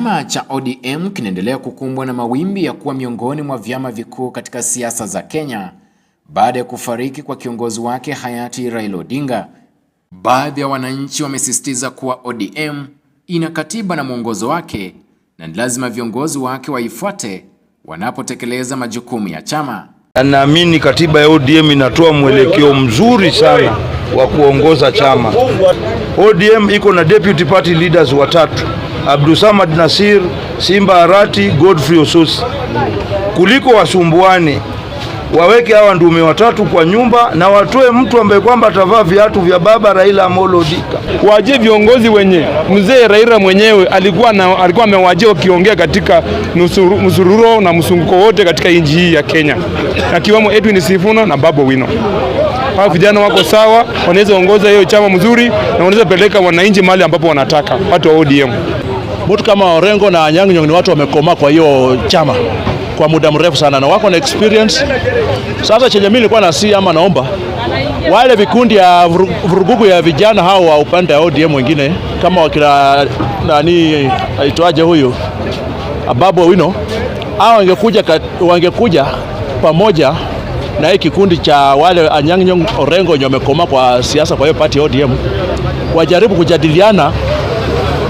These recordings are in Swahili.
Chama cha ODM kinaendelea kukumbwa na mawimbi ya kuwa miongoni mwa vyama vikuu katika siasa za Kenya baada ya kufariki kwa kiongozi wake hayati Raila Odinga. Baadhi ya wananchi wamesisitiza kuwa ODM ina katiba na mwongozo wake na ni lazima viongozi wake waifuate wanapotekeleza majukumu ya chama. Naamini katiba ya ODM inatoa mwelekeo mzuri sana wa kuongoza chama. ODM iko na deputy party leaders watatu. Abdusamad Nasir, Simba Arati, Godfrey Osusi, kuliko wasumbuane waweke hawa ndume watatu kwa nyumba na watoe mtu ambaye kwamba atavaa viatu vya baba Raila Amolo Odinga. Waje viongozi wenye mzee Raila mwenyewe alikuwa na, alikuwa amewajia wakiongea katika msururo na msunguko wote katika nchi hii ya Kenya, akiwemo Edwin Sifuna na Babu Wino. Hawa vijana wako sawa, wanaweza ongoza hiyo chama mzuri na wanaweza peleka wananchi mahali ambapo wanataka, watu wa ODM mutu kama Orengo na Anyang' Nyong'o ni watu wamekomaa kwa hiyo chama kwa muda mrefu sana na wako na experience. Sasa chenye mimi nilikuwa nasi ama naomba wale vikundi ya vurugugu ya vijana hao wa upande wa ODM wengine kama wakila nani aitwaje huyu Ababu Wino hao wangekuja wangekuja pamoja na hii kikundi cha wale Anyang' Nyong'o Orengo wenye wamekoma kwa siasa, kwa hiyo party ODM wajaribu kujadiliana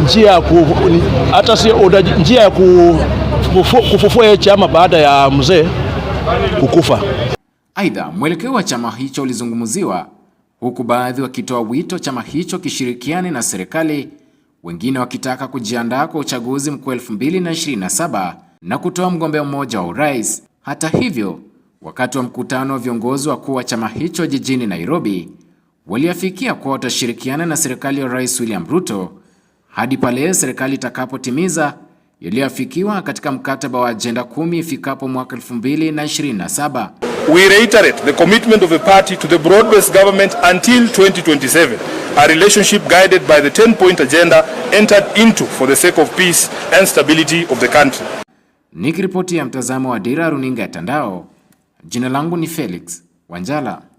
njia ya ku, hata si njia ya kufufua hiyo chama baada ya mzee kukufa. Aidha, mwelekeo wa chama hicho ulizungumziwa huku baadhi wakitoa wito chama hicho kishirikiane na serikali, wengine wakitaka kujiandaa kwa uchaguzi mkuu 2027 na kutoa mgombea mmoja wa urais. Hata hivyo, wakati wa mkutano wa viongozi wakuu wa chama hicho jijini Nairobi, waliafikia kuwa watashirikiana na serikali ya Rais William Ruto hadi pale serikali itakapotimiza yaliyoafikiwa katika mkataba wa ajenda kumi ifikapo mwaka 2027. We reiterate the commitment of the party to the broad-based government until 2027, a relationship guided by the 10-point agenda entered into for the sake of peace and stability of the country. Nikiripoti ya mtazamo wa Dira Runinga ya Tandao, jina langu ni Felix Wanjala.